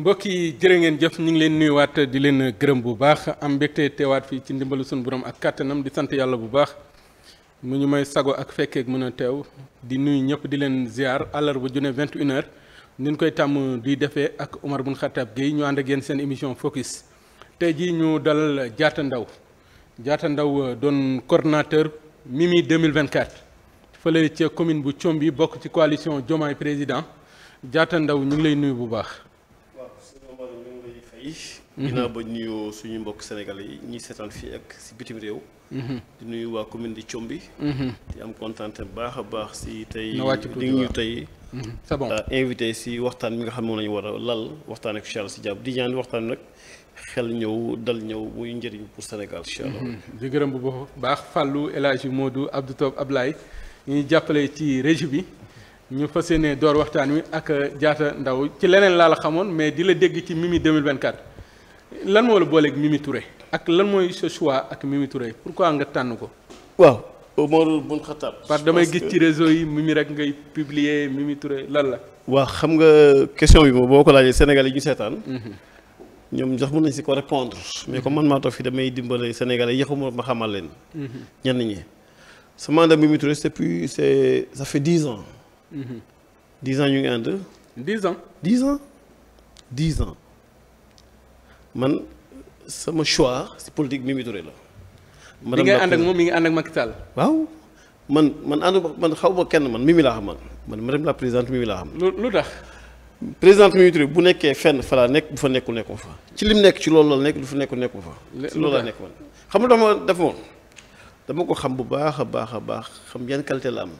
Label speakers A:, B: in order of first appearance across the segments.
A: mbokk yi jërë ngeen jëf ñu ngi leen nuyuwaat di leen gërëm bu baax am mbégte teewaat fii ci ndimbalu suñu borom ak kàttanam di sant yàlla bu baax mu ñu may sago ak fekkeek mën a teew di nuyu ñëpp di leen ziar àllarba june 21h ni ñu koy tàmm di defee ak Omar bun Khattab Gueye ñu ànd ak yéen seen émission focus tey jii ñu dalal jaata ndaw jaata ndaw euh, doon coordonnateur Mimi 2024 fële ca commune bu Thiomby bokk ci coalition jomaay président jaata ndaw ñu ngi lay nuyu bu baax.
B: yi. ginnaaw ba nuyoo suñu mbokk Sénégal yi ñuy seetaan fii ak si bitim réew. Mhm. di nuyu waa commune di Thiomby. Mhm. di am kontaan bu baax a baax si tey. di ñu tey. Mhm. c'est bon euh, invité si waxtaan mi nga xam ne moom la ñu war a lal waxtaan ak Charles si jàpp di ñaan waxtaan nag xel ñëw dal ñëw muy njëriñ pour Sénégal incha allah. di gërëm bu baax
A: Fallou El Hadj Modou Abdou Top Ablaye ñu jàppale ci régie bi. ñu fas yéene door waxtaan wi ak jaata euh, ndaw ci leneen laa la xamoon mais di la dégg ci Mimi 2024 lan moo la booleeg Mimi Touré ak lan mooy sa choix ak Mimi Touré pourquoi nga tànn ko. waaw Omar bun Khattab. parce que damay gis ci réseau yi Mimi rek ngay publier Mimi Touré lan la.
B: waa xam nga question bi moom boo ko laajee Sénégal yi ñu seetaan. Mhm. ñoom jox mën nañ si ko répondre mais comme man maa toog fi damay dimbale Sénégalais yéexuma ma xamal leen. Mhm. ñenn ñi. sama mandat Mimi Touré depuis c'est ça fait dix ans ñu ngi ànd. dix an dix ans dix ans man sama choix si politique Mimi Touré la.
A: madame man bi ngay ànd ak moom mi ngi
B: ànd ak Macky Sall. waaw man man ànd man xaw ma kenn man Mimi laa xam man madame la présidente Mimi laa xam. lu lu tax. présidente Mimi bu nekkee fenn falaa nekk bu fa nekkul nekkul fa ci lim nekk ci loolu la nekk du fa nekkul nekkul fa. ci loolu laa nekk man xam nga dama dafa moom dama ko xam bu baax a baax a baax xam yan qualité la am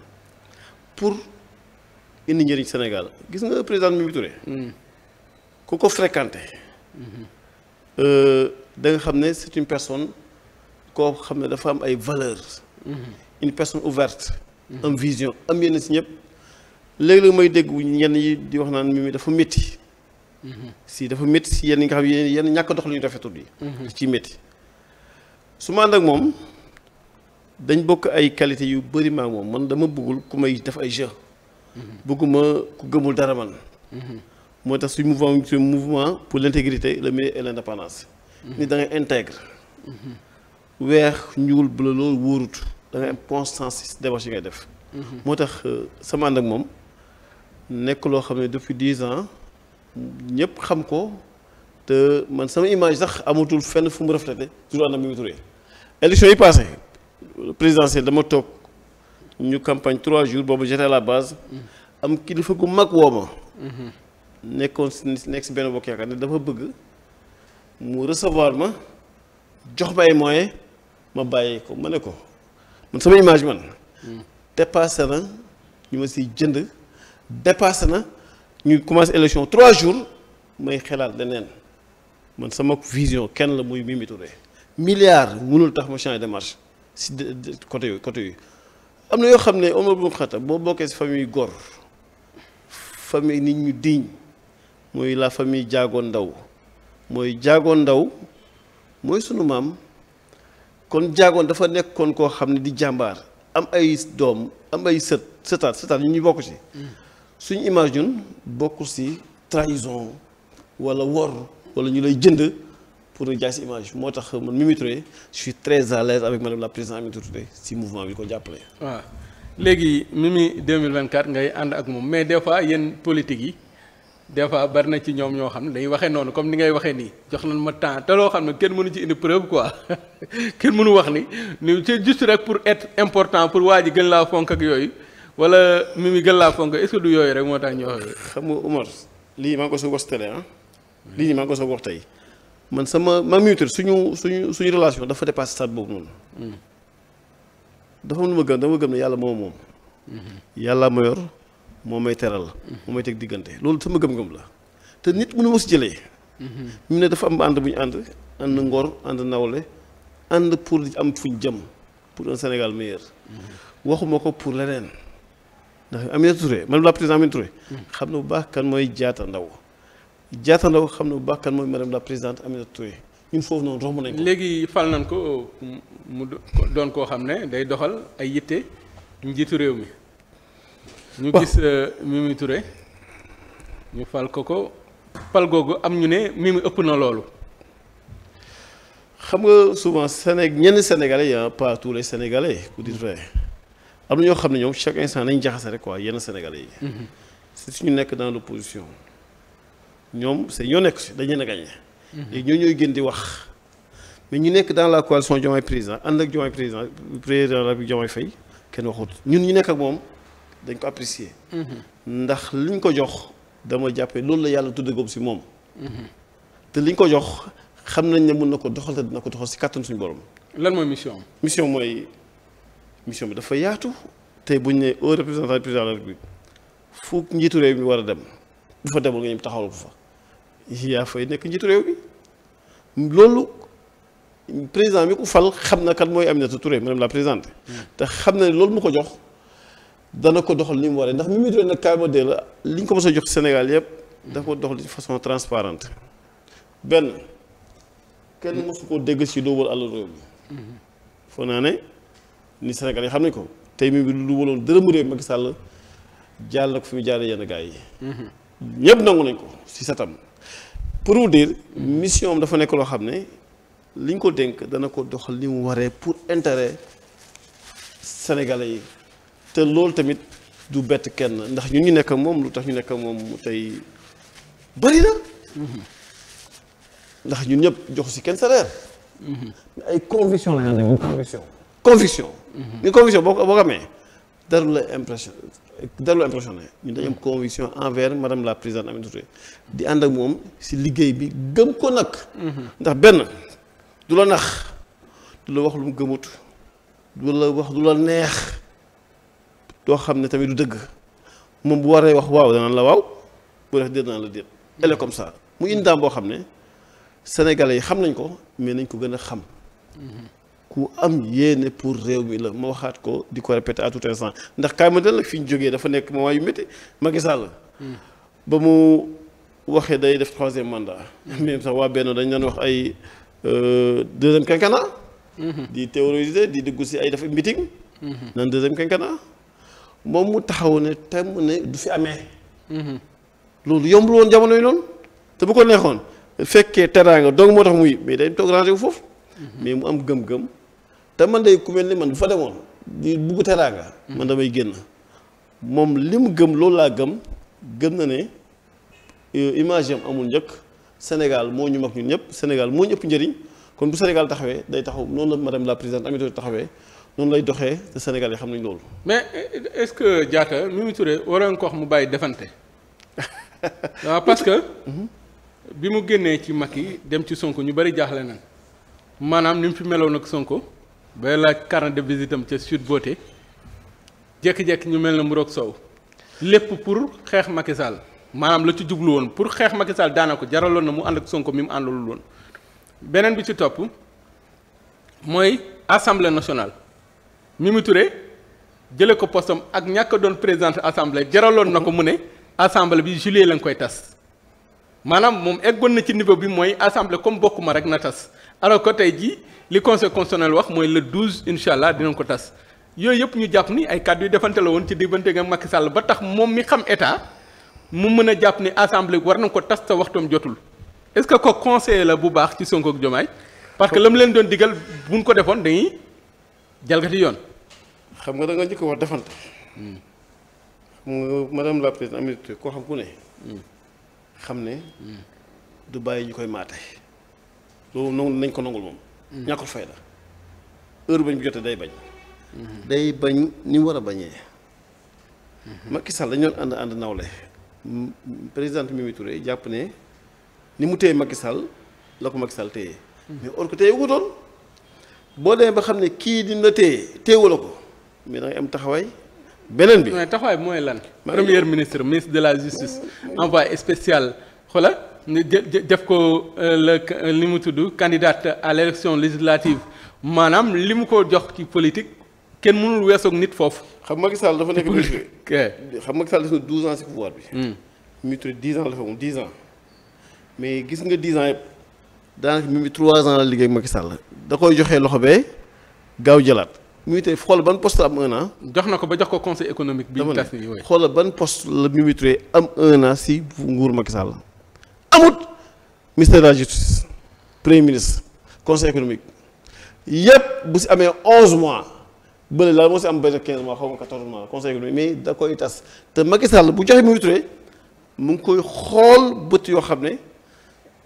B: indi njëriñ Sénégal gis nga président Mimi Touré. Hmm. ku ko fréquenté. Hmm. Euh, da nga xam ne c'est une personne koo xam ne dafa am ay valeurs. Hmm. une personne ouverte. am vision am yenn si ñëpp léeg-léeg may dégg ñenn yi di wax naan Mimi dafa métti. si dafa métti si yenn yi nga xam yenn yenn ñàkk dox lu ñu rafetul yi. da su ma ànd ak moom dañ bokk ay qualité yu bëri maa moom man dama bëggul ku may def ay jeu. bëgguma ku gëmul dara man moo tax suñu mouvement suñu mouvement pour l' intégrité le milieu et l' indépendance ni da ngay intègre weex ñuul bleu loolu wóorut da ngay am constance si ngay def moo tax euh, sama ànd ak moom nekk loo xam ne depuis dix ans ñëpp xam ko te man sama image sax amatul fenn fu mu reflété toujours ànd ak mi mu turee yi passé présidentielle dama toog ñu campagne trois jours boobu j'étais la base. am kilifa gu mag woo ma. nekkoon si nekk si benn bokk yaakaar ne dafa bëgg mu recevoir ma jox ma ay moyens ma bàyyi ko ma ne ko man sama image man. dépassé na ñu ma siy jënd dépassé na ñu commencé élection trois jours may xelaat leneen man sama vision kenn la muy Mimi Touré milliards mënul tax ma change de si côté yooyu côté yooyu. am na yoo xam ne Omar ibn Khattab boo bokkee si famille gor famille nit ñu diñ mooy la famille Diago ndaw mooy Diago ndaw mooy sunu maam kon Diago dafa nekkoon koo xam ne di jàmbaar am ay doom am ay sët sëtaat sëtaat ñu ñu bokk ci suñu image ñun bokk si trahison wala wor wala ñu lay jënd pour ñu jaay si image moo tax man Mimi Touré je suis très à l'aise avec madame la présidente Aminata Touré si mouvement bi ko jàppale.
A: waaw léegi Mimi 2024 ngay ànd ak moom mais des fois yéen politique yi des fois bari na ci ñoom ñoo xam ne dañuy waxe noonu comme ni ngay waxee nii jox nañ ma temps te loo xam ne kenn mënu ci indi preuve quoi kenn mënu wax ni ni c'est juste rek pour être important pour waa ji gën laa fonk ak yooyu wala Mimi gën laa fonk est-ce yooyu rek
B: moo tax ñu wax. xam lii maa ngi ko soog a ah, lii maa ngi ko soog tey. man sama ma mutuelle suñu suñu suñu relation dafa dépassé stade boobu noonu. Hmm. dafa am gëm dama gëm ne yàlla moo moom. Hmm. yàlla ma yor moo may teral. Hmm. moo may teg diggante loolu sama gëm-gëm la te nit mënu ma si jëlee. mu ne dafa am ànd bu ñu ànd ànd ngor ànd nawle ànd pour am fuñ jëm pour un Sénégal meilleur. waxuma ko pour leneen ndax am Touré man la président Aminata Touré. xam ne bu baax kan mooy jaata ndaw. jaata la ko xam ne bu baax kan mooy madame la présidente Aminata Touré ñun foofu noonu romb nañ
A: léegi fal nañ ko mu doon koo xam ne day doxal ay yitte njiitu réew mi. ñu gis euh, Mimi Touré ñu fal ko ko fal googu am ñu ne Mimi ëpp na loolu.
B: xam nga souvent Séné ñenn sénégalais y' pas tous les sénégalais pour dire vrai am na ñoo xam ne ñoom chaque instant nañ jaxase rek quoi yenn sénégalais yi. Mhm. si suñu nekk dans l'opposition ñoom seen ñoo nekk si dañ leen a gagné. léegi mhm. ñoo ñooy génn di wax mais ñu nekk dans la coalition Diomaye président ànd ak Diomaye président président la Diomaye kenn waxut ñun ñu nekk ak moom dañ ko apprécier.
C: Mhm.
B: ndax liñ ko jox dama jàppee loolu la yàlla tuddagum si moom. Mhm. te liñ ko jox xam nañ ne mun na ko doxal te dina ko doxal si kàttan suñu borom.
A: lan mooy mission
B: mission mooy mission bi dafa yaatu. tey bu ne nee au représentant du président de la République njiitu réew mi war a dem bu fa demul nga ñëw taxawal fa. yaa fay nekk njiitu réew bi loolu président bi ku fal xam na kat mooy Aminata Touré madame la présidente. te xam na ne loolu mu ko jox dana ko doxal ni mu waree ndax Mimi Touré nag kaay dee la li ñu ko mos a jox Sénégal yëpp. dafa ko façon transparente benn kenn mosu koo dégg si lu wër réew mi. foog naa ne ni Sénégal yi xam nañ ko tey mi bi lu waloon dërëmu réew Macky Sall jàll na ko fi mu jaaree yenn gars yi. Mhm. ñëpp nangu nañ ko si satam pour vous dire mission am dafa nekk loo xam ne liñ ko dénk dana ko doxal li mu waree pour intérêt sénégalais yi te loolu tamit du bett kenn ndax ñun ñu nekk moom lu tax ñu nekk moom tey bari na ndax ñun ñëpp jox si kenn sa reer ay conviction la ñu conviction conviction. conviction boo ko amee dara la impression daloo impressionné ñun dañu am conviction envers madame la présidente Aminata di ànd ak moom si liggéey bi gëm ko nag. ndax benn du la nax du la wax lu mu gëmut du la wax du la neex doo xam ne tamit du dëgg moom bu waree wax waaw danaan la waaw bu def déet danaan la déet. Mm-hmm. elle est comme ça mu indi boo xam ne sénégalais yi xam nañ ko mais nañ ko gën a xam.
C: Mm-hmm.
B: ku am yéene pour réew mi la ma waxaat ko di ko répéter à tout instant ndax kaay ma dal nag fi ñu jógee dafa nekk moment yu métti Macky Sall ba mu waxee day def troisième mandat même mm-hmm. sax waa benn dañ daan wax ay euh, deuxième quinquennat mm-hmm. di théoriser di dugg si ay dafa meeting mm-hmm. nan deuxième quinquennat moom mu taxaw ne temm ne du fi amee loolu yombul woon jamono yi noonu te bu ko neexoon fekkee teraanga donc moo tax muy mais day toog rangé wu foofu mais mu am gëm-gëm te man day ku ni man bu fa demoon di bugg teraanga. man damay génn moom li mu gëm loolu laa gëm gën na ne euh, image am amul njëkk Sénégal moo ñu mag ñun ñëpp Sénégal moo ñu njëriñ kon bu Sénégal taxawee day taxaw noonu la madame la présidente Aminata taxawee noonu lay doxee te Sénégal yi xam nañ loolu.
A: mais euh, est-ce que Diatta Mimi Touré waroon ko wax mu bàyyi defante. waaw ah, parce que. bi mu génnee ci mag yi dem ci Sonko ñu bari jaaxle nañ maanaam ni mu fi meloon ak Sonko. bay laaj carnet de visite am ca Sud Beauté jékki-jékki ñu mel ne mburoog soow lépp pour xeex Macky Sall maanaam la ci jublu woon pour xeex Macky Sall ko jaraloon na mu ànd ak Sonko mi mu àndalul woon beneen bi ci topp mooy assemblée nationale mu Touré jële ko postam ak ñàkk doon présidente assemblée jaraloon na ko mu ne assemblée bi juillet lañ koy tas maanaam moom eggoon na ci niveau bi mooy assemblée comme bokkuma rek na tas alors que tey jii. li conseil constitutionnel wax mooy le 12 incha allah dinañ ko tas yooyu yëpp ñu jàpp ni ay kàddu yu defante la woon ci diggante nga Macky Sall ba tax moom mi xam état mu mën a jàpp ni assemblée war na ko tas te waxtoom jotul est-ce que ko conseiller la bu baax ci Sonko ak Jomaay parce que la mu leen doon bu buñ ko defoon dañuy jalgati yoon.
B: xam nga da nga njëkk wax defante. xam nga madame la présidente Aminata koo xam ku ne. xam ne. du bàyyi ñu koy maate. loolu nañ ko nangul moom. Mm-hmm. ñàkkul la heure bañ bu jotee day bañ.
C: Mm-hmm.
B: day bañ ni war a bañee. Mm-hmm. Macky Sall dañu doon ànd ànd nawle présidente Mimi Touré jàpp ne ni mu téye makki Sall la ko Macky Sall téye. mais or ko téye wu boo demee ba xam ne kii dina la téye téewu ko mais da am taxawaay. beneen bi mais taxawaay mooy lan. premier
A: ministre ministre de la justice euh, euh, envoyé spécial xola jë jë def ko euh, la euh, li mu tudd candidate à l'élection législative maanaam li mu ko jox ci politique
B: kenn mënul weesoog nit foofu. xam Macky Sall dafa nekk ministre xam Sall def na 12 ans bi. mu tudd 10 la fa moom 10 mais gis nga 10 ans yëpp daanaka mu ngi 3 ans la liggéey ak Macky da koy joxe loxo bee gaaw jëlaat. Mimi Touré ban post la am jox na ko ba jox ko conseil économique. bi ñu tas nii xoolal ban poste la Mimi Touré am un si nguur Macky Sall. ministère la justice premier ministre conseil économique yépp bu si amee onze mois bële daal moo si am benn quinze mois xaw ma quatorze mois conseil économique mais da koy tas te Macky Sall bu joxe Mimi mu ngi koy xool bët yoo xam ne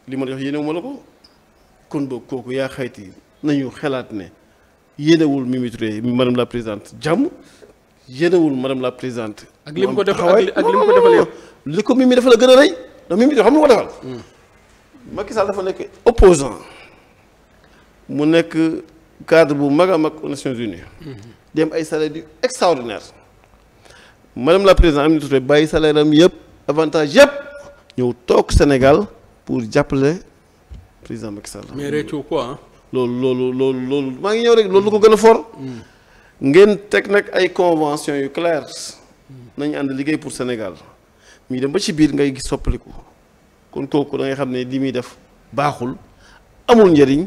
B: li ma la jox yéenewu la ko kon boog kooku yaa xayti nañu xalaat ne yéenewul Mimi Touré madame la présidente jàmm yéenewul madame la présidente. ak li mu ko defal ak li mu ko defal yow. li ko gën a rëy ndax Mimi Touré xam nga ko Macky Sall dafa nekk opposant mu nekk cadre bu mag a mag aux Nations Unies. dem ay salaire yu extraordinaire madame la présidente Aminata Touré bàyyi salaire am yëpp avantage yëpp ñëw toog Sénégal pour jàppale président Macky Sall. mais réccu quoi loolu loolu loolu loolu maa ngi ñëw loolu lu ko gën a fort. Hmm. ngeen teg nag ay convention yu claires. Hmm. nañu ànd liggéey pour Sénégal muy dem ba ci biir ngay gis soppaliku. kon kooku da ngay xam ne li muy def baaxul amul njëriñ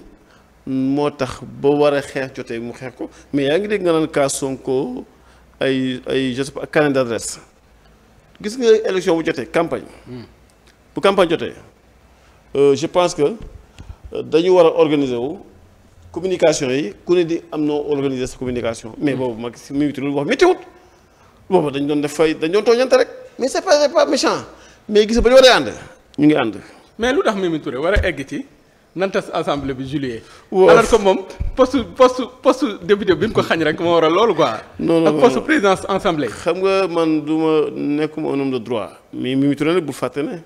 B: moo tax ba war a xeex jotee mu xeex ko mais yaa ngi dégg nga naan cas Sonko ay ay je sais pas gis nga élection bu jotee campagne. Hmm. bu campagne jotee euh, je pense que euh, dañu war a organiser wu communication yi ku ne di am noo organiser sa communication. mais hmm. boobu mag si mi lu wax météo boobu dañ doon def fay dañ doon tooñante rek mais c'est pas c'est pas méchant mais gis ba ñu war a ànd. ñu ngi ànd. mais lu tax Mimi Touré war a egg ci
A: nantas assemblée bi juillet. waaw alors que moom poste poste poste député bi ñu ko xañ rek moo waral
B: loolu quoi. non non ak poste présidence assemblée. xam nga man du ma nekkuma un homme de droit mais Mimi Touré nag bu fàtte ne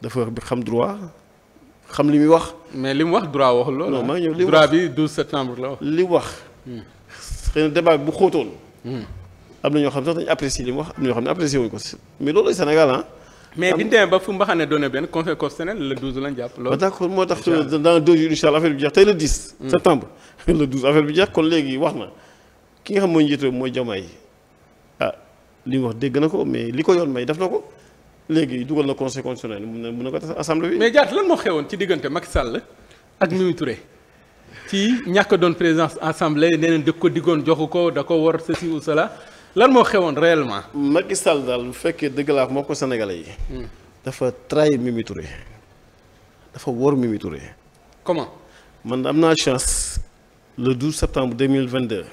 B: dafa xam droit xam li muy wax. mais li mu wax droit waxul loolu. non ah. ñëw li droit bi 12 septembre la wax. li wax. Hmm. xëy na débat bu xóotoon. Hmm. am na ñoo xam sax dañu apprécier li mu wax am na ñoo xam ne apprécier wuñu ko mais loolu Sénégal ah. mais ah bi ñu
A: demee ba fu mbaxane doone benn conseil constitutionnel le 12 lañ jàpp loolu. d' accord moo tax
B: dans deux jours incha allah bi jeex tey le 10. Hmm. septembre le 12 affaire bi jeex kon léegi wax na ki nga xam mooy njiit mooy jamaay ah li mu wax dégg na ko mais li ko yoon may def na ko léegi dugal na conseil constitutionnel mun na mun na ko tas assemblée bi. mais
A: jaat lan moo xewoon ci diggante Macky Sall ak Mimi Touré ci ñàkk doon présidence assemblée nee nañ da ko diggoon joxu ko da ko war ceci ou cela. lan moo xewoon réellement. Macky Sall daal bu fekkee dëgg laa moo ko
B: Sénégalais yi. Hmm. dafa trahi Mimi Touré dafa wor Mimi Touré. comment. man am naa chance le 12 septembre 2022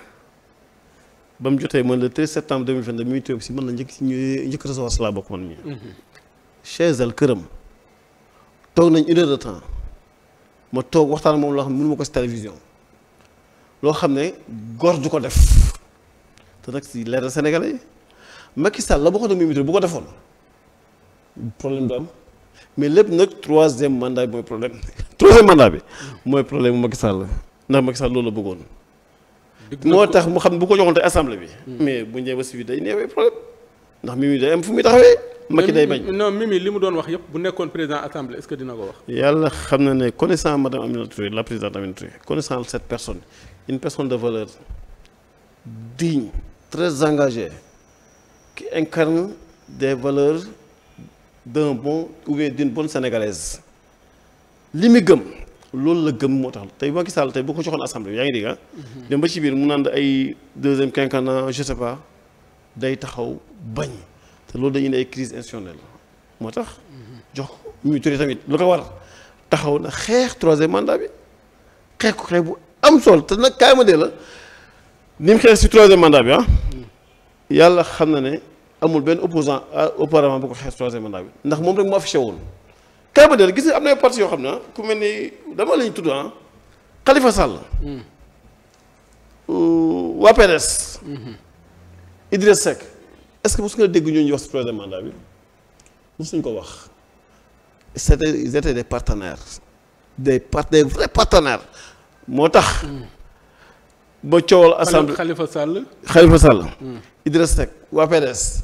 B: ba mu jotee man le 13 septembre 2022 Mimi Touré si man la njëkk si njëkk recevoir si laa bokk man mii. Hmm. chez elle këram toog nañ une heure temps ma toog waxtaan moom loo xam ne mënu ko si télévision loo xam ne góor du ko def. te nag si leeral Sénégalais yi Macky Sall la bokkoon ak Mimi Touré bu ko defoon problème du am mais lépp nag troisième mandat bi mooy problème troisième mandat bi mooy problème mu Macky Sall ndax Macky Sall loolu la bëggoon. moo tax mu xam bu ko joxoon te assemblée bi. Hmm. mais bu ñëwee ba si day neewee problème ndax Mimi day am fu muy taxawee. Macky day bañ
A: non Mimi li mu doon wax yëpp bu nekkoon président assemblée est-ce que dina ko wax.
B: yàlla xam na ne connaissant madame Aminata Touré la présidente Aminata Touré connaissant cette une personne de valeur digne. très engagé, qui incarne des valeurs d'un bon ou bien d'une bonne sénégalaise li mu gëm loolu la gëm moo tax tey Macky Sall tey boo ko joxoon assemblée yaa ngi dégg ah. Mhm. dem ba ci biir mu naan ay deuxième quinquennat je day taxaw bañ te loolu dañuy ne ay crise institutionnelle moo tax. Mhm. jox ko mu turee tamit lu ko war taxaw na xeex troisième mandat bi xeex ko xeex bu am solo te nag kaay dee la. li mu xeex si troisième mandat bi ah yàlla xam na ne amul benn opposant ah, auparavant bu ko xeex troisième mandat bi ndax moom rek mu affiché woon kay ba del gis am na parti yoo xam na ah ku mel ni dama lañu tudd ah Khalifa Sall hmm. waa PDS hmm. Idriss Seck est-ce que mos nga dégg ñu wax si troisième mandat bi mosuñ ko wax c'était ils étaient des partenaires des part des vrais moo tax hmm. ba coowal assemblée Khalifa Sall. Khalifa Sall. Hmm. Idriss Seck waa PDS.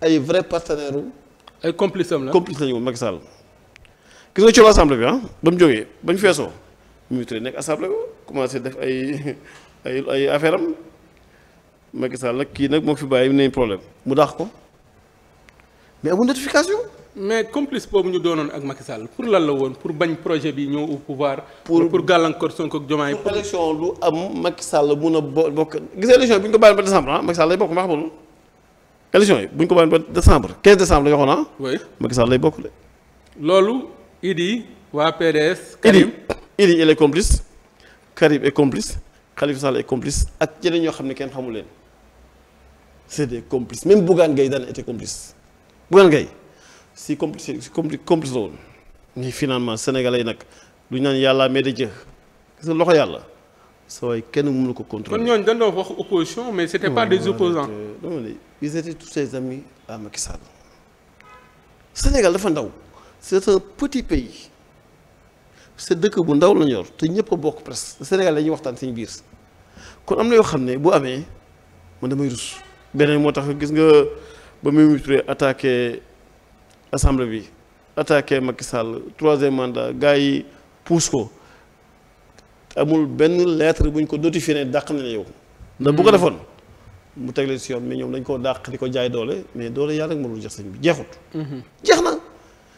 B: ay vrai partenaire ay complice am la complice lañu woon Macky Sall. gis nga coowal assemblée bi ah, ba mu jógee ba ñu feesoo mu turee commencé def ay ay ay affaire am Macky Sall nag kii nag moo fi bàyyi mu problème mu daax ko mais
A: amul notification. mais complice boobu ñu doonoon ak Macky Sall pour lan la woon pour bañ projet bi ñëw au pouvoir.
B: pour pour gàllankoor Sonko ak Jomaay. pour élection du am Macky Sall mun a bokk gis élection bi ñu ko bàyyi ba décembre ah lay bokk ma xamul. élection yi bu ñu ko bàyyi ba décembre 15 ah, décembre la ñu waxoon ah. oui Macky lay bokk de. loolu Idi waa PDS. Karim Idi Idi il est complice. Karim est complice. Khalifa Sall est complice ak yeneen ñoo xam ne kenn xamul leen. c' est des complices même Bougane Gueye daan était complice si complice complice loolu ni finalement sénégalais yi nag lu ñu yàlla mais da jë gis nga loxo yàlla soo waay kenn mënu ko contrôler. kon
A: ñooñu dañ doon wax opposition mais c'était pas des opposants
B: non mais ils étaient tous Sénégal dafa ndaw c'est un petit pays c'est dëkk bu ndaw lañ yor te ñëpp a bokk presque Sénégal la ñuy waxtaan seen biir kon am na yoo xam ne bu amee man damay rus beneen moo tax gis nga ba Mimi Touré attaqué assemblée bi attaqué Macky Sall troisième mandat gars yi pousse ko amul benn lettre bu ñu ko notifié ne dàq na ne yow. ndax bu ko hmm. defoon mu teg leen si yoon mi ñoom dañ koo dàq di ko jaay doole mais doole yàlla rek mënul jeex sëñ bi jeexut.
C: Hmm. jeex na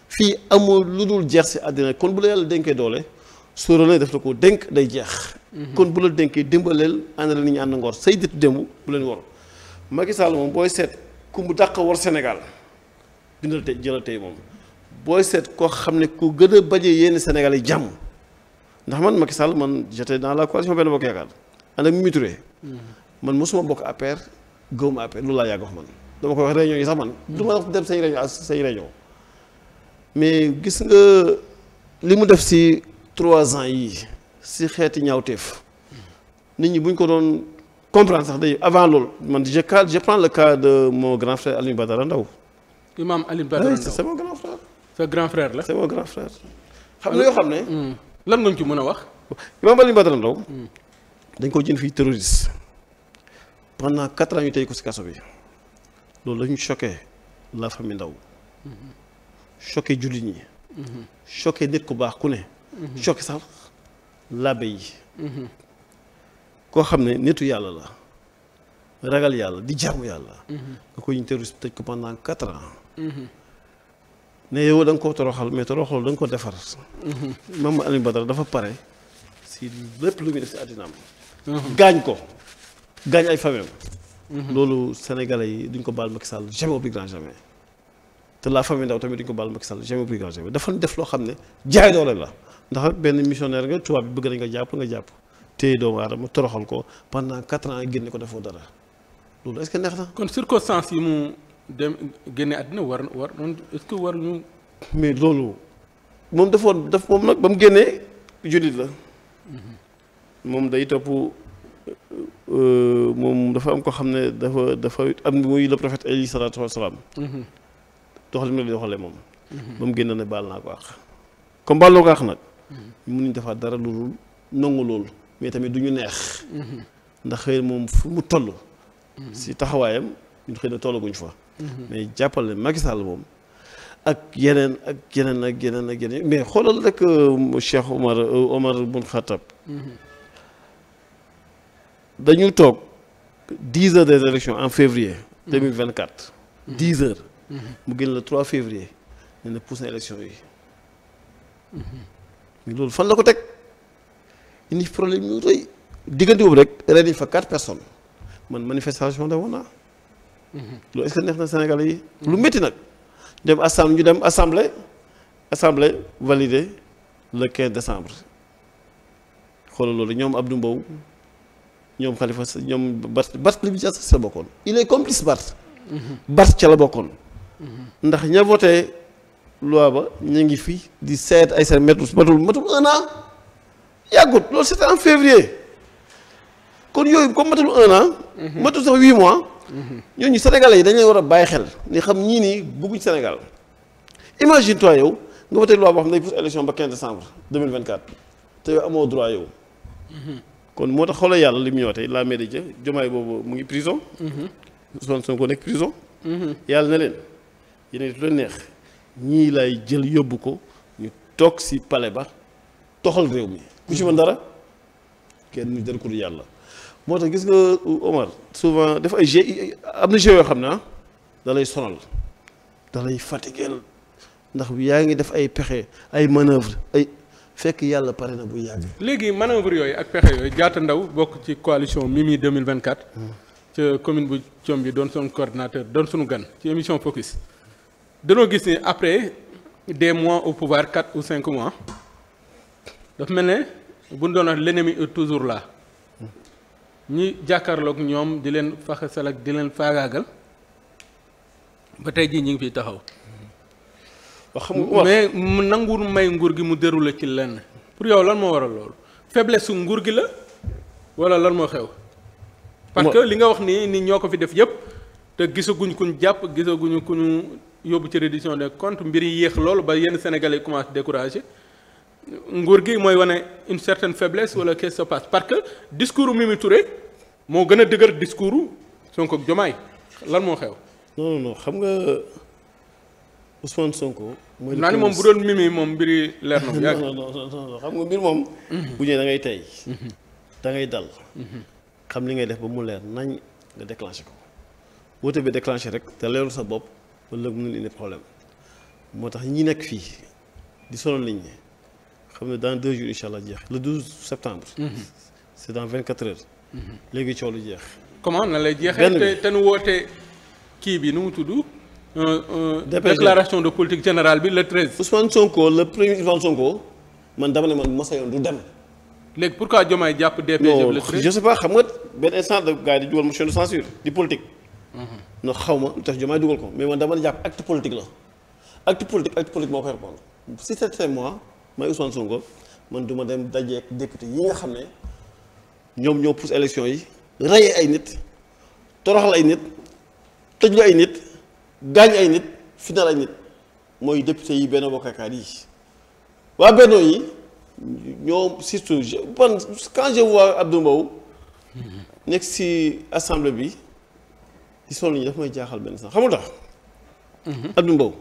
B: fii amul lu dul jeex si àddina kon bu la yàlla dénkee doole su def la ko dénk day jeex. Hmm. kon bu la denkee dimbaleel ànd la nit ñi ànd ngoor say dëtt démb bu leen war Macky Sall moom booy seet ku mu dàq war Sénégal. bindal tey jëlal tey moom booy seet koo xam ne ku gën a bañee yenn Sénégal yi jàmm ndax man Macky Sall man j'étais dans la coalition benn bokk yaakaar ànd ak Mimi Touré mm-hmm. man mosuma bokk APR gëwuma APR lu laa yàgg wax man dama koy wax réunion yi sax man mm-hmm. du ma dem say réunion say réunion mais gis nga li mu def si trois ans yi si xeeti ñaawteef mm-hmm. nit ñi buñ ko doon comprendre sax day avant lool man je cas je prends le de mon grand frère Alioune Badara Ndao imam Alioune Badara Ndao c'est mon
A: grand la. c'est mon xam nga yoo xam ne. Hmm, lan
B: nga ci mën a wax. imam hmm. dañ ko jënd fii terroriste. pendant quatre ans tey ko si kaso bi. loolu la ñu choqué la famille Ndao. Hmm. choqué jullit ñi. choqué nit ku baax ku ne. choqué sax laabe yi. koo xam ne nitu yàlla la ragal yàlla di jaamu yàlla. nga ko ñu terroriste tëj ko pendant quatre Mm-hmm. ne yow da nga koo toroxal mais toroxal da nga ko defar. Mm-hmm. Mame Alioune Badara dafa pare si lépp lu muy def si àddinaam. gaañ ko gaañ ay famem mm-hmm. loolu sénégalais yi duñ ko baal Macky Sall jamais au plus grand jamais. te la famille ndaw tamit duñ ko baal Macky Sall jamais au plus grand jamais dafa def loo xam ne jaay doole la ndax benn missionnaire nga tubaab bi bëgg nañ nga jàpp nga jàpp. téye doomu aadama toroxal ko pendant quatre ans génne ko defoo dara dem génne àddina war war est-ce que war ñu. mais loolu moom defoon def moom nag ba mu génnee jullit la moom day topp euh, moom dafa am ko xam ne dafa dafa am muy le prophète alayhi salaatu wasalaam la mhm. doxalee moom. Mhm. ba mu génne ne baal naa ko àq. comme baaloo ko àq nag. Mhm. mënuñ defaat dara lu dul nangu loolu mais tamit duñu ñu neex. ndax xëy moom fu mu toll. si taxawaayam ñun xëy na tollaguñ fa. mais jàppal ne Macky Sall moom ak yeneen ak yeneen ak yeneen mais xoolal rek euh, Cheikh Omar euh, Omar bun Khattab dañu toog dix heures des élections en février deux mille vingt quatre dix heures mu génn le trois février ne na pousse yi mais loolu fan la ko teg indi problème yu rëy diggante boobu rek ren yi fa quatre personnes man manifestation de loolu est-ce neex na Sénégalais yi. lu metti nag dem assemblée ñu dem assemblée assemblée validé le 15 décembre xoolal loolu ñoom Abdou Mbow ñoom Khalifa ñoom Bart Bart li mu ci sa bokkoon il est complice Bart. Mm-hmm. Bart ca la bokkoon. Mm-hmm. ndax ña voté loi ba ñu ngi fi di seet ay seen matul matul un yàggut loolu c'était février kon yooyu comme matul un mm-hmm. matul sax huit mois. ñooñu sénégalais yi dañ war a bàyyi xel ni xam ñii nii bëgguñ Sénégal imagine toi yow nga voté loi ba xam ne day pousse élection ba 15 décembre 2024 te yow amoo droit yow. kon moo tax xoolal yàlla li mu ñëw tey la mairie ja jomaay boobu mu ngi prison. Ousmane Sonko nekk prison. yàlla na leen yéen a neex ñii lay jël yóbbu ko ñu toog si pale ba toxal réew mi. ku ci mën dara kenn ñu jël ku dul yàlla. moo tax gis nga Omar souvent dafa ay jeu am na jeu yoo xam naa ah, dalay da sonal da lay fatiguel ndax yaa ngi def ay pexe ay manœuvre ay fekk yàlla pare na bu yàgg.
A: léegi manœuvre yooyu ak pexe yooyu jaata ndaw bokk ci coalition Mimi 2024. ca commune bu Thiom bi doon son coordinateur doon suñu gan ci émission focus. danoo gis ni après des mois au pouvoir quatre ou cinq mois dafa mel ne bu ñu doon wax l'ennemi est toujours la ñi jàkkaarloog ñoom di leen faxasal ak di leen faagaagal ba tey jii ñu ngi fiy taxaw. xam nga mais mu nanguwul may nguur gi mu déroulé ci lenn. pour yow lan moo waral loolu faiblesse su nguur gi la wala lan moo xew. parce que li nga wax nii ni ñoo ko fi def yëpp te gisaguñ kuñ jàpp gisaguñu kuñu yóbbu ci reddition des comptes mbir yi yéex loolu ba yenn Sénégalais yi commencé découragé. nguur gi mooy wane une certaine faiblesse wala qu'est-ce qui se passe parce que discours Mimi Touré moo gën a dëgër discours Sonko ak Diomaye lan moo xew.
B: non non xam nga Ousmane Sonko. mooy naa moom bu doon Mimi moom mbiri leer na bu yàgg. non non non xam nga mbir moom. bu ñëwee da ngay tey. da ngay dal. xam li ngay def ba mu leer nañ nga déclenché ko woote bi déclenché rek te leerul sa bopp ba léegi mën indi problème moo tax ñi nekk fii di sonal nit ñi. xam ne dans deux jours jeex le 12 septembre. Mhm. c' est dans 24 heures. Mhm. léegi coow lu jeex. comment
A: na lay jeexee te te nu woote kii bi nu mu
B: tudd. déclaration de politique général bi le 13. Ousmane Sonko le premier Ousmane Sonko man dama ne man mos yoon du dem. léegi pourquoi Diomaye jàpp DPG bi le 13 pas xam nga benn instant de gars yi di dugal motion de censure di politique. Mhm. non xaw ma lu tax Diomaye dugal ko mais man dama ne jàpp acte politique la acte politique acte politique may Ousmane Sonko man du ma dem dajeek député yi nga xam ne ñoom ñoo pousse élection yi rey ay nit toroxal ay nit tëjlu ay nit gaañ ay nit final ay nit mooy député yi benn bokkaakaar yi waa bennoo yi ñoom surtout man quand je vois Abdou Mbow nekk si assemblée bi di sonn ñi daf may jaaxal benn sax xamul tax mhm. Abdou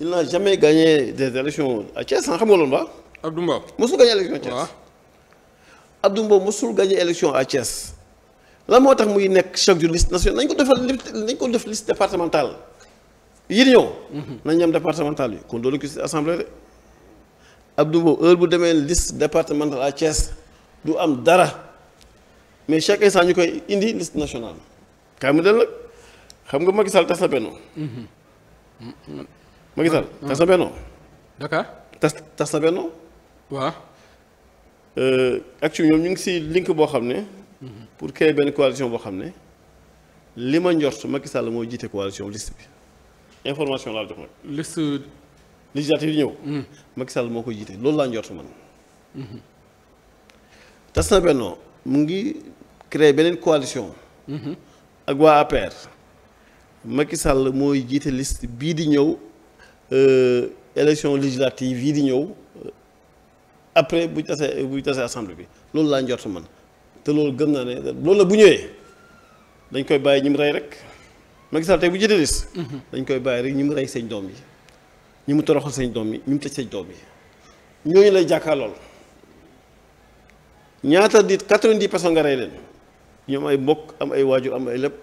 B: il n'a jamais gagné des élections à Thiès xam nga loolu ba. Abdou Mbow. mosul gagné élection Thiès waaw. Abdou Mbow mosul gagné élection à Thiès lan moo tax muy nekk chaque jour liste nationale nañ ko defal nañ ko def liste départementale mhm. yi di ñëw. nañ am départementale bi kon doon ko ci assemblée de Abdou Mbow heure bu demee liste départementale à Thiès du am dara mais chaque instant ñu koy indi list nationale. kaay mu del nag xam nga Macky Sall tas na Macky Sall ah. tas na bennoo. Dakar tas tas na bennoo. waaw. Euh, actuellement ñoom ñu ngi si link boo xam ne. Mhm. pour créer benn coalition boo xam ne li ma njort Macky Sall moo jiite coalition liste bi information laa jox nag. yi ñëw. Mhm. moo ko jiite loolu laa njort man. Mhm. tas na bennoo mu ngi créer beneen coalition. ak waa APR. Macky Sall mooy jiite liste bii di ñëw. Euh, élection législative yi di ñëw euh, après buy tasee buy tasee assemblée bi loolu laa njort man te loolu gën naa ne loolu la bu ñëwee dañ koy bàyyi ñu mu rey rek Macky Sall tey bu jëlee liste. dañ koy bàyyi rek ñu mu rey seen doom yi ñu mu toroxal seen doom yi ñu mu tëj seen doom yi ñooñu lay jàkkaarlool ñaata di quatre-vingt-dix personnes nga rey leen ñoom ay mbokk am ay waajur am ay lépp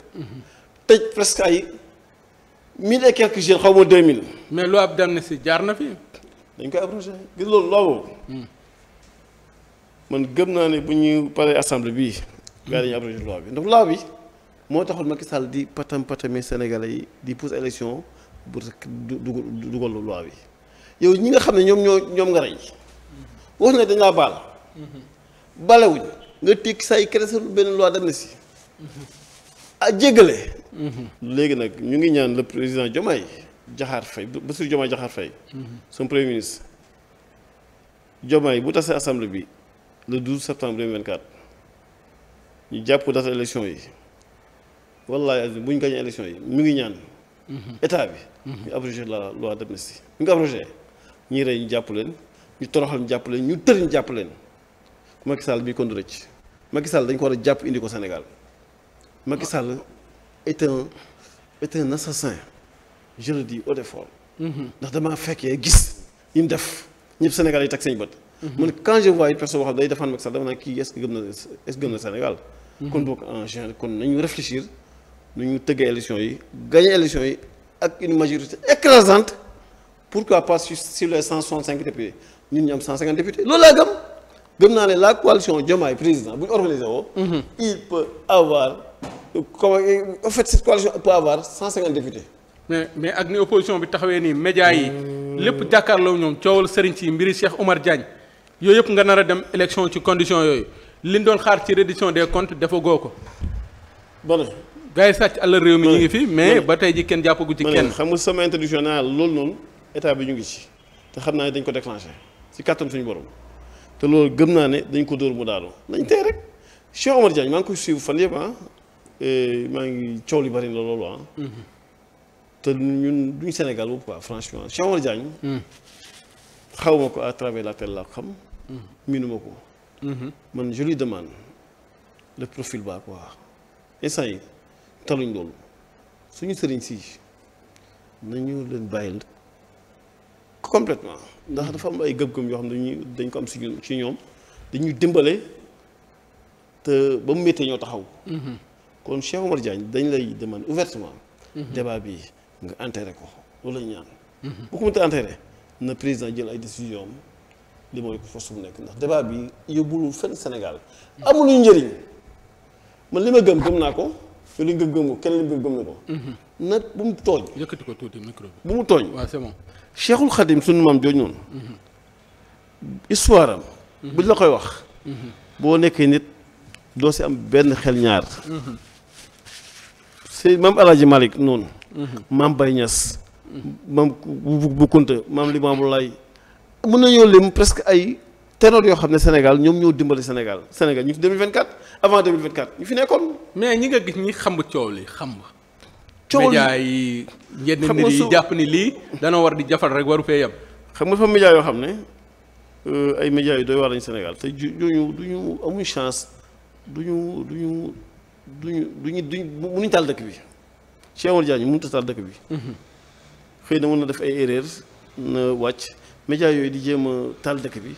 B: tëj presque ay. mille et quelques jeunes xaw ma deux mille. mais loi si jaar na fi. dañ koy abrogé gis loolu loolu. Hmm. man gëm naa ne bu ñu paree assemblée bi hmm. gars dañuy abrogé loi bi ndax loi bi moo taxul Macky Sall di patam patami Sénégalais yi di pousse élection bu dugal dugal loi bi yow ñi nga xam ne ñoom ñoo ñoom nga rey hmm. wax ne dañ laa baal. balewuñ nga tekki saa yi créé benn loi si ah jéggale. léegi nag ñu ngi ñaan le président Diomaye Diakhar Faye Bassirou Diomaye Diakhar fay son premier ministre Diomaye bu tasee assemblée bi le 12 septembre 2024 ñu jàpp date élection yi wallaay bu ñu gañee élection yi mu ngi ñaan état bi ñu abrogé la loi d'amnistie ñu ko abrogé ñii rey ñu jàpp leen ñu toroxal ñu jàpp leen ñu tër jàpp leen Macky Sall bii kon du rëcc Macky Sall dañ ko war a jàpp indi ko Sénégal Macky Sall est un est un assassin je le dis haut et fort. Mm-hmm. ndax damaa fekkee gis yi mu def ñëpp Sénégal yi teg seen bët. Mm-hmm. man quand je vois une personne boo xam day defaan mag sax dama naa kii est-ce que gëm na est-ce que gëm na Sénégal. Mm-hmm. kon boog en général kon nañu réfléchir nu ñu tëggee élection yi gagner élection yi ak une majorité écrasante pourquoi pas sur sur les cent soixante cinq députés ñun ñu am cent cinquante députés loolu laa gëm gëm naa ne la coalition Diomaye président bu ñu organisé il peut avoir. comme en euh, fait cette coalition peut avoir 150 députés.
A: mais mais ak ni opposition bi taxawee nii média yi. lépp jàkkaarloo ñoom coowal sëriñ ci mbiri Cheikh Omar Diagne yooyu yëpp nga nar dem élection ci condition yooyu li doon xaar ci reddition des comptes defagoo ko. bon. gars yi sàcc àll réew mi ñu ngi fi. mais ba tey ji kenn jàppagu ci kenn. xam
B: nga sama introduction naa loolu noonu état bi ñu ngi ci te xam naa ne dañ ko déclenché ci kàttan suñu borom te loolu gëm naa ne dañ ko dóor mu daanu nañ tey rek ngi koy suivre fan yëpp ah Eh, maa ngi coow lu bari na loolu ah. Mhm. te ñun duñ Sénégal wu quoi franchement Cheikh Omar Diagne. Mhm. xaw ma ko à travers la télé laa xam. Mhm. miinuma ko. man je lui demande le profil bas quoi instant yi taluñ loolu suñu sëriñ si nañu leen bàyyil complètement ndax dafa am ay gëm-gëm yoo xam dañuy dañ ko am si ñoom dañuy dimbale te ba mu méttee ñoo taxaw. kon Cheikh Omar dañ lay demande ouvertement débat bi nga enterré ko loolu lañu ñaan mhm. bu ko mënut a enterré na président jël ay décision am li mooy force bu nekk ndax débat bi yóbbulu fenn Sénégal mhm. amuluñu njëriñ man li ma gëm gëm naa ko te li nga gëm ko kenn li nga gëm na ko mhm. nag bu mu tooñ yëkkati ko tuuti micro bi bu mu tooñ waaw c'est suñu maam jooju noonu histoire am buñ la koy wax boo nekkee nit doo si am benn xel ñaar sëñ maam El Hadj Malick noonu. Mhm. maam Baye Niass. Mhm. maam bu bu Kunta maam Limaamu Laay mën nañoo lim presque ay ténor yoo xam ne Sénégal ñoom ñoo dimbali Sénégal Sénégal ñu fi 2024 avant 2024 ñu fi nekkoon. mais ñi nga gis ñi xam coow li xam. coow li média yi yenn yi jàpp ni lii danoo war di jafal rek waru fee yem. xam nga fa média yoo xam ne euh, ay média yu doy waar lañu Sénégal te ju ñu du ñu amuñ chance du ñu du ñu. duñu duñu duñ mënuñu taal dëkk bi Cheikh Oumar Diagne mënut a taal dëkk bi mhm. xëy na mën na def ay erreur na wàcc média yooyu di jéem a taal dëkk bi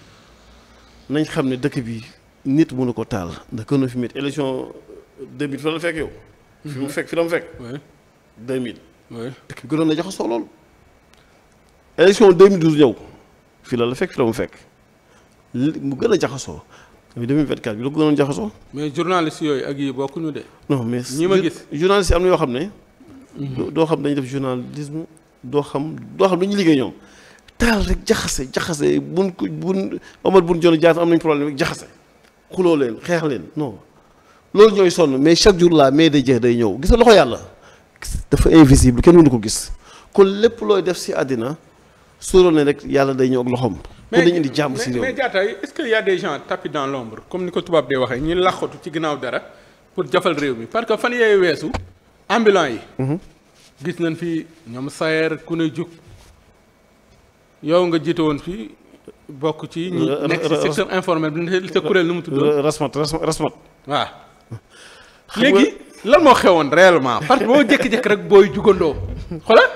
B: nañ xam ne dëkk bi nit mënu ko taal ndax kën na fi métti élection 2000 fa la fekk mu fekk fi la mu fekk 2000 dëkk bi gënoon na jaxasoo lool élection 2012 yow fi la fekk fi la mu fekk mu gën a jaxasoo mu mais 2024 bi lu ko gënoon jaxasoo.
A: mais journaliste yooyu ak yi bokkuñu de.
B: non mais ñi ma gis journaliste yi am na yoo xam ne. Mhm. doo xam dañuy def journalisme doo xam doo xam lu ñu liggéey ñoom taal rek jaxase jaxase buñ ko buñ Omar buñ Dior Diatta am na problème rek jaxase leen xeex leen non loolu ñooy mais chaque jour là mais day jeex day ñëw gisa loxo yàlla dafa invisible kenn mënu ko gis kon lépp looy def si àddina sóoroon ne rek yàlla day ñëw ak loxoom. mais dañu indi jàmm si réew mais
A: jaataay est-ce que y a des gens tapis dans l'ombre comme ni ko tubaab dee waxee ñu làqatu ci ginnaaw dara pour jafal réew mi parce que fan yee weesu ambulant yi mhm. gis nañ fi ñoom sayer ku ne jug yow nga jiite woon fii bokk ci ñi nekk ci secteur informel bi sa kuréel nu mu tudd
B: rasmat rasmat waaw
A: léegi lan moo xewoon réellement parce que boo jékki-jékki rek booy jugandoo xoolal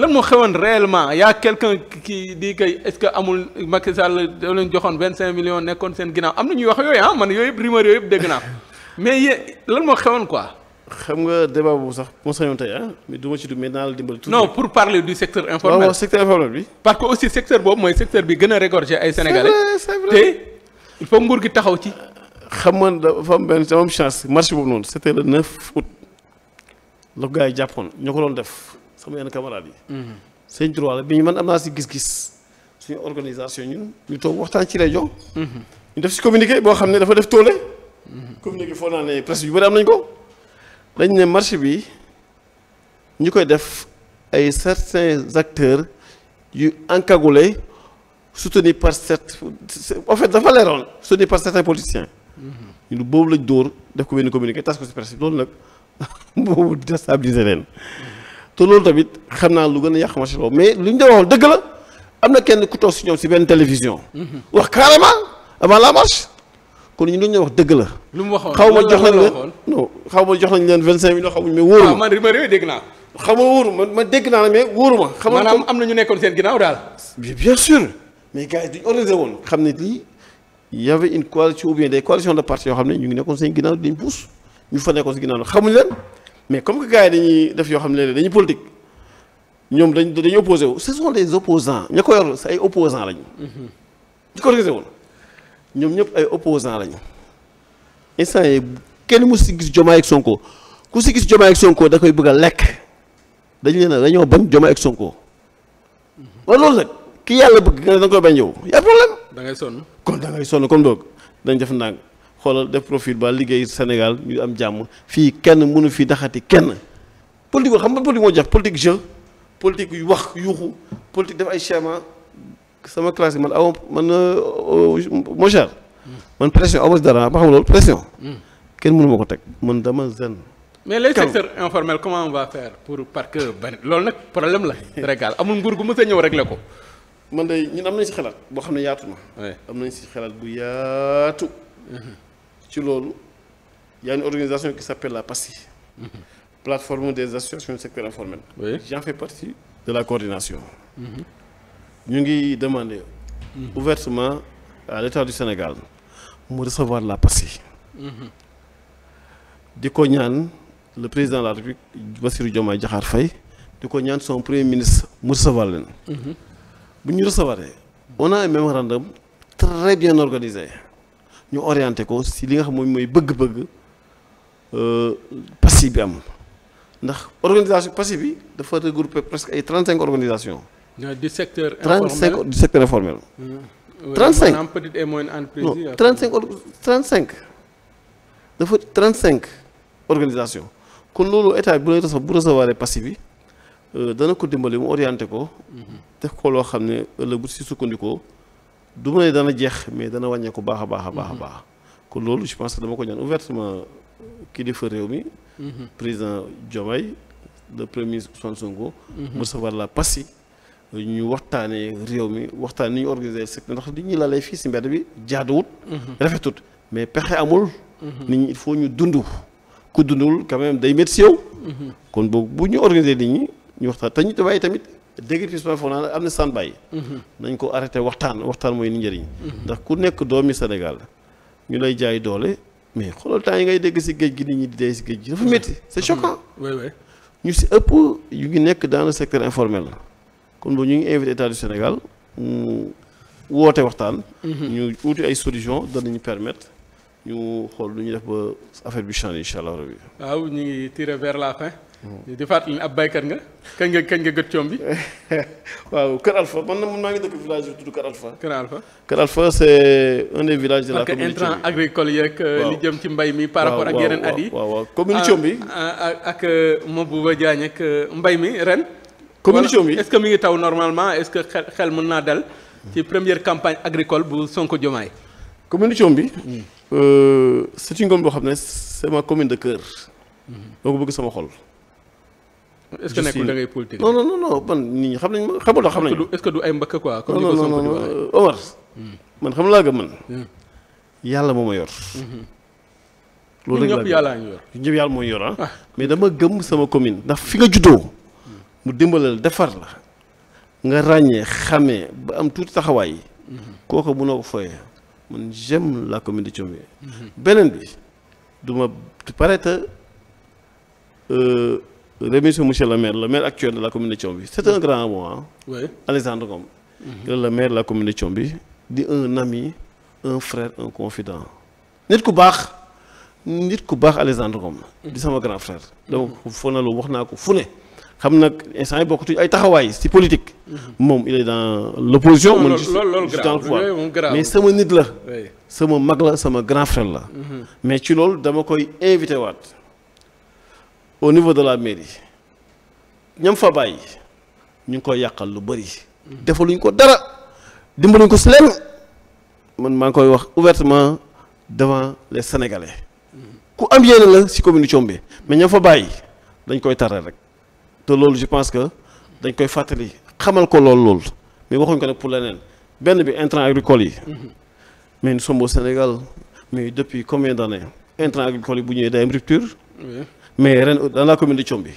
A: lan moo xewoon réellement y a quelqu'un qui dit que est-ce que amul Macky Sall da leen joxoon vingt cinq millions nekkoon seen ginnaaw am na ñuy wax yooyu ah man yooyu yëpp rumeur yooyu yëpp dégg naa mais yéen lan moo xewoon quoi.
B: xam nga débat boobu sax moo sañoon tey ah mais du ma ci dugg mais dinaa la dimbali. tuuti non
A: pour parler du secteur informel waaw secteur informel bi. parce que aussi secteur boobu mooy secteur bi gën a régorger ay sénégalais. c'est vrai
B: te il faut nguur gi taxaw ci. xam nga dafa am benn dama am chance marché boobu noonu c'était le 9 août la ko gars yi jàppoon ñoo ko doon def. sama yenn camarades yi. seen droit la bi ñu man am naa si gis-gis suñu organisation ñun ñu toog waxtaan ci rajo. Mhm. ñu def si communiqué boo xam ne dafa def toole. Mhm. communiqué foo naa ne presse yu bëri am nañ ko. dañ ne marché bi ñu koy def ay certains acteurs yu encagoulés soutenus par cette en fait dafa leeroon soutenus par certains politiciens. Mhm. ñun boobu lañ dóor def ko benn communiqué tas ko si presse bi loolu nag boobu déstabiliser leen. te loolu tamit xam naa lu gën a yàq marché boobu mais lu ñu doon waxoon dëgg la am na kenn ku toog si ñoom si benn télévision. Mhm. wax carrément avant la marche. kon ñu doon wax dëgg la. lu mu waxoon xaw ma jox nañ leen non xaw ma jox nañ leen vingt cinq millions xamuñ mais wóoru ah, ma. man rumeur yooyu dégg naa. ma wóoru ma man dégg naa la mais wóoru ma.
A: xam am na ñu nekkoon seen ginnaaw daal.
B: bien sûr mais gars yi duñ woon. xam ne lii y avait une coalition ou bien des coalitions de partis yoo xam ne ñu ngi nekkoon seen ginnaaw dañ pousse ñu fa nekkoon si mais comme que gars yi dañuy def yoo xam ne dañuy politique ñoom dañ dañuy opposé wu ce sont des opposants ña ko yor ay opposants lañu.
C: ñi
B: ko organisé ñoom ñëpp ay opposants lañu instant yi kenn mu si gis Diomaye ak Sonko ku si gis Diomaye ak Sonko da koy bëgg a lekk dañ leen a dañoo bañ Diomaye ak Sonko mm-hmm. loolu nag ki yàlla bëgg nga ne da nga koy bañ yow y' a problème. da ngay sonn kon da ngay sonn kon boog dañ def ndànk. xoolal def profil baa liggéey Sénégal ñu am jàmm fii kenn mënu fi daxati kenn politique xam nga politique moo jox politique jeu politique yu wax yuuxu politique def ay schéma sama classe man aw man euh, mon cher man pression aw dara ma xam loolu pression kenn mënu ma ko teg man dama zen
A: mais les secteurs informels comment on va faire pour parce loolu nag problème la
B: Sénégal amul nguur gu mës a ñëw régler ko man de ñun am nañ si xalaat boo xam ne yaatu na am nañ si xalaat bu yaatu mhm. ci loolu y a une organisation qui s'appelle la PASI mm -hmm. plateforme des associations du secteur informel oui. j'en fais partie de la coordination mhm. ñu ngi demander mhm. ouvertement à l'État du Sénégal mu recevoir la PASI mhm. di ko ñaan le président de la République Bassirou Diomaye Diakhar fay di ko ñaan son premier ministre mu recevoir leen bu ñu recevoir on a mémorandum très bien organisé ñu orienté ko si li nga xam mooy mooy bëgg-bëgg euh, PACI bi am ndax organisation PACI bi dafa regroupé presque ay 35 organisations. du secteur informel 35 du secteur informel.
C: 35 maanaam petite et moyenne entreprise yi. non 35
B: or 35 dafa 35 organisation kon loolu état bu lay recevoir bu recevoir PACI bi euh, dana ko dimbali mu orienté ko. Mm-hmm. def ko loo xam ne ëllëg bu si sukkandikoo. du ma ne dana jeex mais dana wàññeeku baax a baax a baax a mhm. baax kon loolu je pense que dama ko ñaan ouvertement kilifa réew mi mhm. président Diomaye le premier ministre Ousmane Sonko mu mhm. recevoir la PACI ñu waxtaanee réew mi waxtaan ni ñu organiser secteur ndax li ñuy laalee fii si mbedd bi jaaduwut rafetut mais pexe amul nit ñi il faut ñu dund ku dundul quand même day métti si yow kon boobu bu ñu organiser nit ñi ñu waxtaan te ñu bàyyi tamit dégg pis foofu naa am na standby nañ ko arrêté waxtaan waxtaan mooy ni njëriñ ndax ku nekk doomi Sénégal ñu lay jaay doole mais xoolal temps yi ngay dégg si géej gi nit ñi di dee si géej gi dafa métti c'est choquant ñu si ëpp yu ngi nekk dans le secteur informel kon boobu ñu ngi invité état du Sénégal woote waxtaan mhm. ñu uuti ay solution danañu permettre ñu xool lu ñu def ba affaire bi changé incha allah rabbi
A: waaw ñu ngi tiré vers la fin di fàttali ne ab baykat nga kañ nga kañ nga gët coom bi
B: waaw Kër Alpha man na man maa ngi dëkk village bi tudd Kër Alpha Kër Alpha Kër Alpha c'est un des de la commune intrant euh, jëm ci mbay mi par ak yeneen at yi waaw waaw
A: ah, bi ah, ah, ak euh, Mabouba Diagne ak euh, mbay mi ren commune coom bi est que mi ngi taw normalement est-ce que xel xel mën naa dal ci première campagne agricole bu sonk Diomaye
B: commune coom bi hmm. c'est boo xam ne sama commune de cœur hmm. doo ko bëgg sama xol est ce que nekkul da ngay politique. non non non non man nit ñi xam nañ ma xamul xam nañ est ce que du ay mbëkk quoi. Euh, hmm. hmm. yàlla moo ma yor. Hmm. loolu rek la yàlla ñu yor. ñëpp mooy yor ah. ah. mais dama gëm sama commune. ndax fi nga juddoo. mu dimbalal defar la. nga ràññee xamee ba am tuuti taxawaay. kooku mënoo ko man j'aime la commune de Thionville. beneen bi du ma euh, remercier monsieur le maire le maire actuel de la commune de Thiomby c' mhm. est maire la commune bi Thiomby di un ami un frère un confident. nit ku baax nit ku baax Alexandre Ngom. di sama grand frère. donc mhm. foog na lu wax naa ko fu ne. xam nag instant yi ay taxawaay si politique. Mhm. moom il est dans l' opposition. man juste dans le pouvoir mais sama nit la. sama mag la sama grand frère la. mais ci loolu dama koy invité waat. au niveau de la mairie ñam fa bàyyi ñu ngi koy yàqal lu bëri. defaluñ ko dara dimbaluñ ko si leen man maa ngi koy wax ouvertement devant les sénégalais ku am yéene la si communition bi mais ñam fa bàyyi dañ koy taral rek te loolu je pense que dañ koy fàttali xamal ko lool loolu mais waxuñ ko nag pour leneen benn bi intrant agricole yi. mais nous sommes Sénégal mais depuis combien d' années intrant agricole yi bu ñëwee day rupture. mais ren dans la commune de Thiomby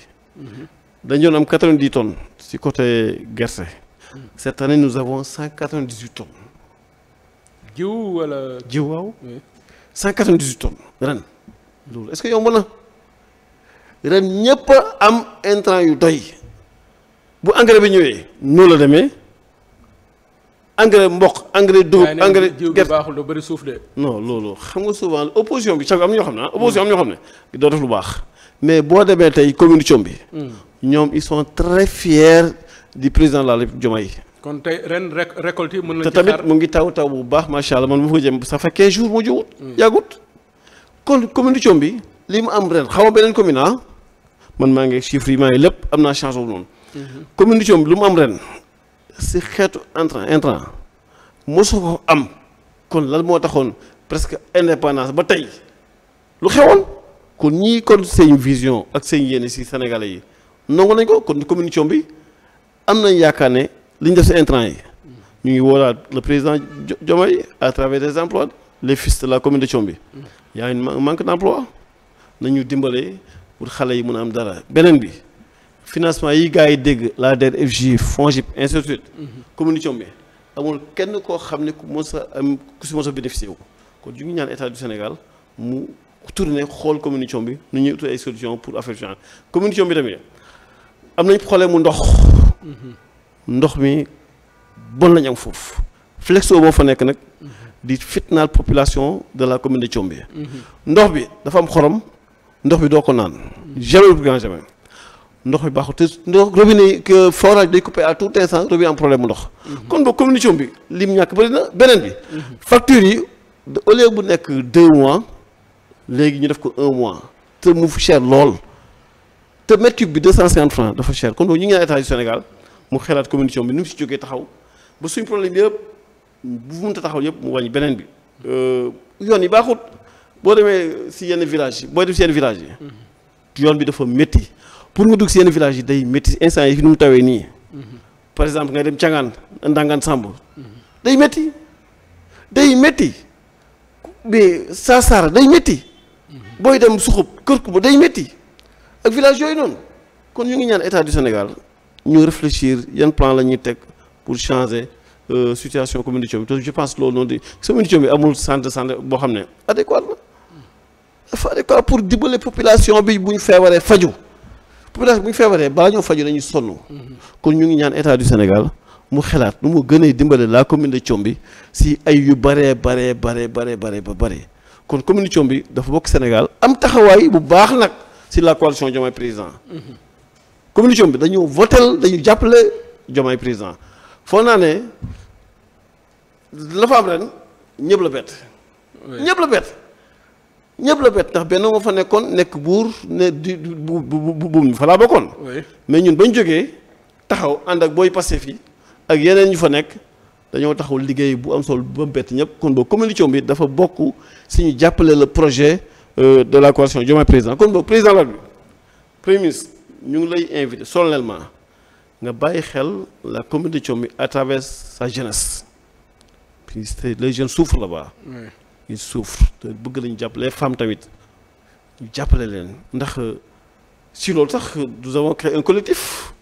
B: dañu doon am quatre-vingt-dix tonnes ci côté gerte cette année nous avons cent quatre-vingt-dix-huit jiw
A: wala. jiw waaw
B: cent quatre-vingt-dix-huit tonnes ren. loolu est-ce que yomb na ren ñëpp am entrant yu doy bu engrais bi ñëwee noonu la demee engrais mboq engrais dugub engrais gerte baaxul doo bëri suuf de. non loolu xam nga souvent opposition bi ca am na ñoo xam ne opposition am ñoo xam ne doo def lu baax. mais boo demee tey commune Thiom bi. Hmm. ñoom ils sont très fiers du président de la République Diomaye.
A: kon tey ren récolte yi mën nañu. te tamit
B: mu ngi taw taw bu baax macha allah man ma fa jëm ça fait 15 jours mu jiwut. Hmm. yàggut kon commune Thiom bi li mu am ren xaw ma beneen commune ah, man maa ngi chiffre yi maa ngi lépp am naa chance boobu noonu. Hmm. commune Thiom bi lu mu am ren si xeetu intrant intrant mosu ko am kon lan moo taxoon presque indépendance ba tey lu xewoon. kon ñii kon seen vision ak seen yéene si Sénégalais yi nangu nañ ko kon communication bi am nañ yaakaar ne li ñu def si intrant yi ñu ngi wóolaat le président Diomaye a travers des emplois les fils de la communication bi yaa ngi manque d'emploi nañu dimbale pour xale yi mun a am dara beneen bi financement yi gars yi dégg la DER/FJ FONGIP ainsi de suite bi amul kenn koo xam ne ku mos a am ku si mos a bénéficié wu kon ñu ngi ñaan état du Sénégal tourner xool communition bi nu ñuy uti ay solution pour affaire change communication bi tamit am nañ problème mu ndox mhm. ndox mi bon lañ am foofu flexo boo fa nekk nag mhm. di fitnaal population de la commune de mhm. ndox bi dafa am xorom ndox bi doo ko naan jamais ndox bi baaxul te ndox robinet yi forage day coupé tout instant robinet am problème mu ndox kon boo communication bi lim ñàkk bëri na beneen bi facture yi au lieu bu nekk deux mois léegi ñu def ko un mois te mu cher lool te mètre cube bi 250 francs dafa cher kon donc ñu ngi naan état du Sénégal mu xelaat communication bi ni mu si jógee taxaw ba suñu problème yëpp bu mënta taxaw yëpp mu wàññi beneen bi euh, yoon yi baaxut boo demee si yenn village yi booy def si yenn village yi mhm. yoon bi dafa métti pour nga dugg si yenn village yi day métti instant yi fi nu mu tawee nii mhm. par exemple ngay dem cangaan ndangaan sàmb mhm. day métti day métti mais saa saara day métti booy dem suxub kër ku ba day métti ak village yooyu noonu kon ñu ngi ñaan état du Sénégal ñu réfléchir yan plan la ñuy teg pour changer euh, situation communication bi te je pense loolu noonu di communication bi amul santé santé boo xam ne adéquat la dafa adéquat pour dimbale population bi bu ñu feebaree faju population bu ñu feebaree baa ñoo faju dañuy sonn kon ñu ngi ñaan état du Sénégal mu xalaat lu mu gënee dimbale la commune de Thiomby si ay yu baree baree baree baree ba kon communication bi dafa bokk Sénégal am taxawaay bu baax nag si la coalition Diomaye président communication bi dañu votel dañu jàppale Diomaye président foo naa ne la fa am ren ñëpp la bett ñëpp la bett ñëpp la bett ndax benn moo fa nekkoon nekk buur ne di bu bu bu fa laa bokkoon mais ñun bañ jógee taxaw ànd ak booy passé fii ak yeneen ñu fa nekk dañoo taxaw liggéey bu am solo bu bett ñëpp kon boobu communication bi dafa bokk si ñu jàppale le projet euh, de la coalition Diomaye président kon boobu président la premier ministre ñu ngi lay invité solennellement nga bàyyi xel la communication bi à travers sa jeunesse puisque les jeunes souffrent là-bas. ils souffrent te bëgg lañu jàppale les femmes tamit ñu jàppale leen ndax euh, si loolu sax nous avons créé un collectif.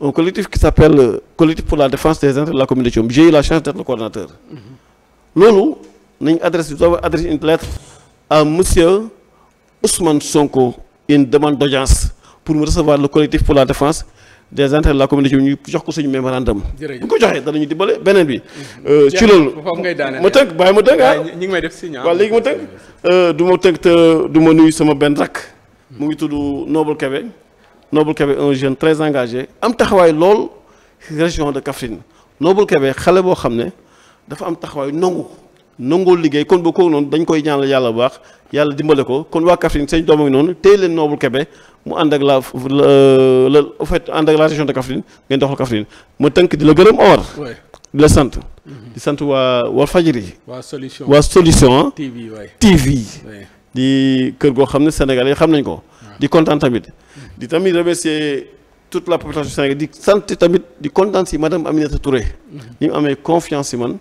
B: un collectif qui s'appelle collectif pour la défense des intérêts de la communauté j'ai eu la chance d'être le coordonnateur
C: mm-hmm.
B: loolu nañ adresse nous avons adressé une lettre à monsieur Ousmane Sonko une demande d'audience pour mu recevoir le collectif pour la défense des intérêts de la communauté ñu jox ko suñu mémorandum bu ko joxee danañu dimbale beneen bi mm-hmm. euh, ci loolu ma tënk bàyyi ma tënk ah ñi
A: ngi may def signe ah. waaw tënk
B: euh, du ma te du ma nuyu sama benn rakk mu ngi tudd Noble Kébé Nobel Kébé un jeune très engagé am taxawaay lool région de Kaffrine Nobel Kébé xale boo xam ne dafa am taxawaay nangu nangoo liggéey kon ba kooku noonu dañ koy ñaanal yàlla bu baax yàlla dimbale ko kon waa Kaffrine seen doom ak noonu téye leen Nobel Kébé mu ànd ak la la en ànd ak la région de Kaffrine ngeen doxal ma tënk di la gërëm Omar. di la sant. Mhm. di sant waa Walfadjri. waa solution waa solution. TV waay TV. di kër goo xam ne sénégal Sénégalais xam nañ ko. di kontaan tamit di tamit remercier toute la population sénégalaise di sant tamit di kontaan si madame Aminata Touré. ni mu amee confiance si man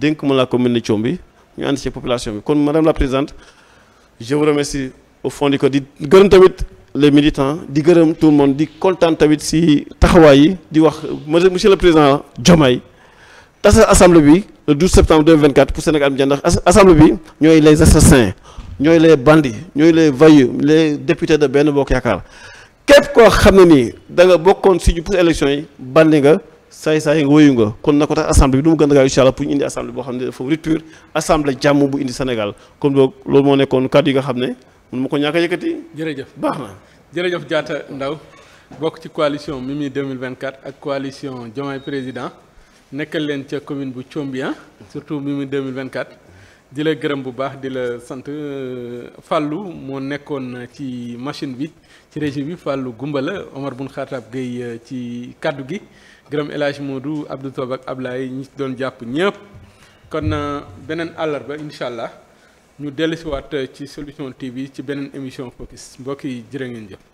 B: dénk ma la commune de ñu ànd ci population bi kon madame la présidente je vous remercie au fond di ko di gërëm tamit les militants di gërëm tout le monde di kontaan tamit si taxawaay yi di wax monsieur le président Diomaye tasa assemblée bi le 12 septembre 2024 pour Sénégal bi ndax assemblée bi ñooy les assassins. ñooy les bandits ñooy les voyous les députés de benn bokk yaakaar képp koo xam ne nii da nga bokkoon si ñu pour élection yi bandi nga saay-saay nga wéyu nga kon na ko tax assemblée bi du mu gën a gaaw incha pour ñu indi assemblée boo xam ne dafa rupture assemblée jàmm bu indi Sénégal comme donc loolu moo nekkoon kàddu yi nga xam ne mun ko ñàkk a yëkkati.
A: baax na. jërëjëf Diatta Ndao bokk ci coalition Mimi 2024 ak coalition Diomaye Président nekkal leen ca commune bu Thiombien surtout Mimi 2024. di la gërëm bu baax di la sant euh, Fallou moo nekkoon ci machine bi ci régie bi Fallou Gumba la Omar Bun Xaataab Gueye euh, ci kàddu gi gërëm El Hadj Modou Abdou Toob ak Ablaye ñi doon jàpp ñëpp kon na euh, beneen àllarba incha allah ñu dellusiwaat ci solution TV ci beneen émission focus mbokk yi jërë ngeen jëf.